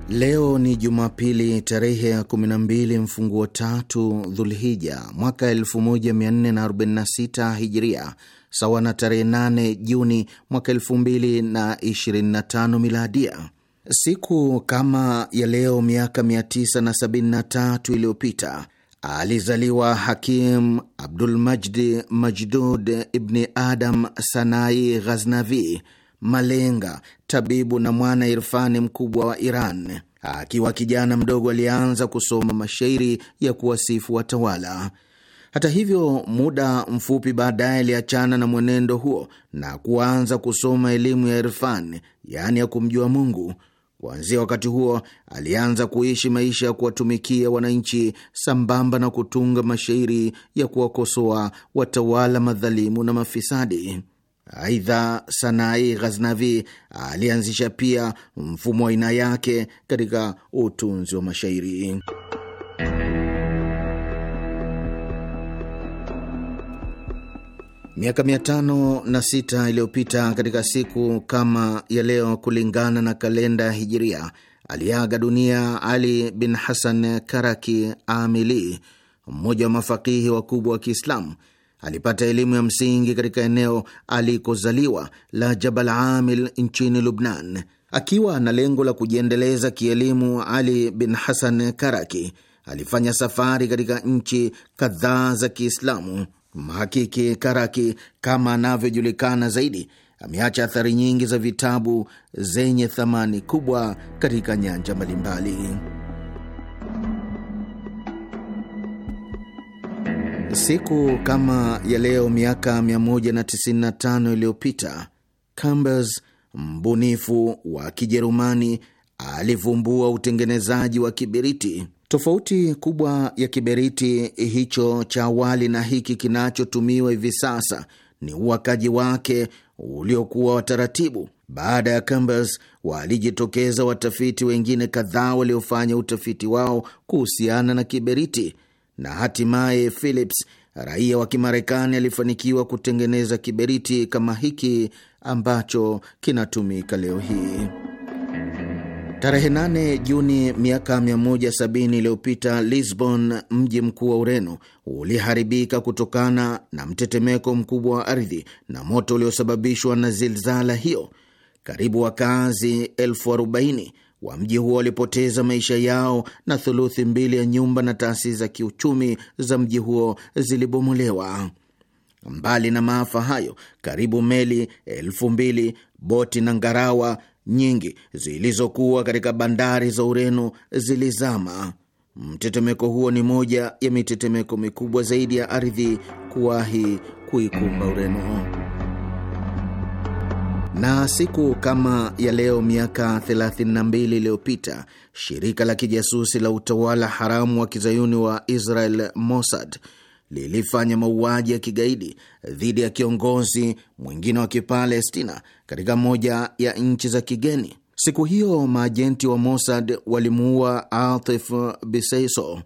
Leo ni Jumapili tarehe ya 12 mfunguo tatu Dhulhija mwaka 1446 Hijria, sawa na tarehe 8 Juni mwaka 2025 Miladia. Siku kama ya leo miaka 973 iliyopita Alizaliwa Hakim Abdulmajdi Majdud Ibni Adam Sanai Ghaznavi, malenga, tabibu na mwana irfani mkubwa wa Iran. Akiwa kijana mdogo, alianza kusoma mashairi ya kuwasifu watawala. Hata hivyo, muda mfupi baadaye aliachana na mwenendo huo na kuanza kusoma elimu ya irfani, yaani ya kumjua Mungu. Kuanzia wakati huo alianza kuishi maisha ya kuwatumikia wananchi sambamba na kutunga mashairi ya kuwakosoa watawala madhalimu na mafisadi. Aidha, Sanai Ghaznavi alianzisha pia mfumo wa aina yake katika utunzi wa mashairi. Miaka mia tano na sita iliyopita katika siku kama ya leo, kulingana na kalenda Hijiria, aliaga dunia Ali bin Hasan Karaki Amili, mmoja wa mafakihi wakubwa wa Kiislamu. Alipata elimu ya msingi katika eneo alikozaliwa la Jabal Amil nchini Lubnan. Akiwa na lengo la kujiendeleza kielimu, Ali bin Hasan Karaki alifanya safari katika nchi kadhaa za Kiislamu. Mhakiki Karaki, kama anavyojulikana zaidi, ameacha athari nyingi za vitabu zenye thamani kubwa katika nyanja mbalimbali. Siku kama ya leo miaka 195 iliyopita Cambers mbunifu wa Kijerumani alivumbua utengenezaji wa kibiriti. Tofauti kubwa ya kiberiti hicho cha awali na hiki kinachotumiwa hivi sasa ni uwakaji wake uliokuwa wa taratibu. Baada ya Cambers walijitokeza watafiti wengine kadhaa waliofanya utafiti wao kuhusiana na kiberiti, na hatimaye Phillips raia wa Kimarekani alifanikiwa kutengeneza kiberiti kama hiki ambacho kinatumika leo hii. Tarehe 8 Juni miaka 170 iliyopita Lisbon, mji mkuu wa Ureno, uliharibika kutokana na mtetemeko mkubwa wa ardhi na moto uliosababishwa na zilzala hiyo. Karibu wakazi elfu arobaini wa mji huo walipoteza maisha yao na thuluthi mbili ya nyumba na taasisi za kiuchumi za mji huo zilibomolewa. Mbali na maafa hayo, karibu meli elfu mbili, boti na ngarawa nyingi zilizokuwa katika bandari za Ureno zilizama. Mtetemeko huo ni moja ya mitetemeko mikubwa zaidi ya ardhi kuwahi kuikumba Ureno. Na siku kama ya leo miaka 32 iliyopita shirika la kijasusi la utawala haramu wa kizayuni wa Israel Mossad lilifanya mauaji ya kigaidi dhidi ya kiongozi mwingine wa Kipalestina katika moja ya nchi za kigeni. Siku hiyo maajenti wa Mossad walimuua Atif Biseiso,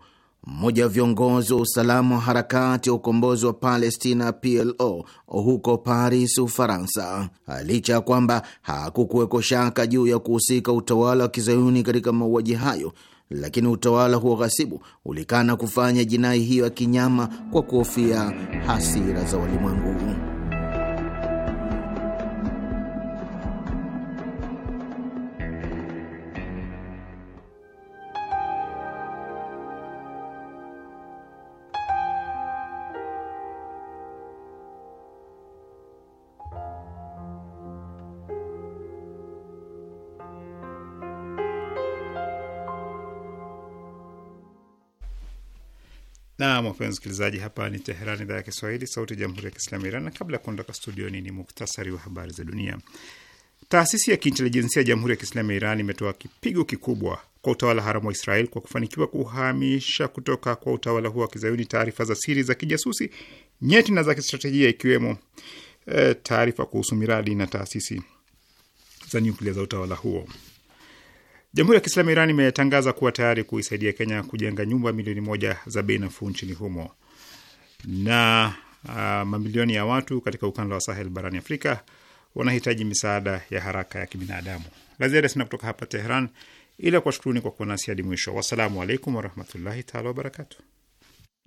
mmoja wa viongozi wa usalama wa harakati ya ukombozi wa Palestina PLO huko Paris, Ufaransa. Licha ya kwamba hakukuweko shaka juu ya kuhusika utawala wa kizayuni katika mauaji hayo, lakini utawala huo ghasibu ulikana kufanya jinai hiyo ya kinyama kwa kuhofia hasira za walimwengu. Na wapenzi msikilizaji, hapa ni Teherani, idhaa ya Kiswahili, sauti ya jamhuri ya kiislamu Iran. Na kabla ya kuondoka studioni, ni muktasari wa habari za dunia. Taasisi ya kiintelijensia ya jamhuri ya kiislamu ya Iran imetoa kipigo kikubwa kwa utawala haramu wa Israel kwa kufanikiwa kuhamisha kutoka kwa utawala huo wa kizayuni taarifa za siri za kijasusi nyeti na za kistratejia, ikiwemo e, taarifa kuhusu miradi na taasisi za nyuklia za utawala huo. Jamhuri ya Kiislamu Iran imetangaza kuwa tayari kuisaidia Kenya kujenga nyumba milioni moja za bei nafuu nchini humo na uh, mamilioni ya watu katika ukanda wa Sahel barani Afrika wanahitaji misaada ya haraka ya kibinadamu. La ziada sina kutoka hapa teheran ila kuwashukuruni kwa kuwa nasi hadi mwisho. Wassalamu alaikum warahmatullahi taala wabarakatu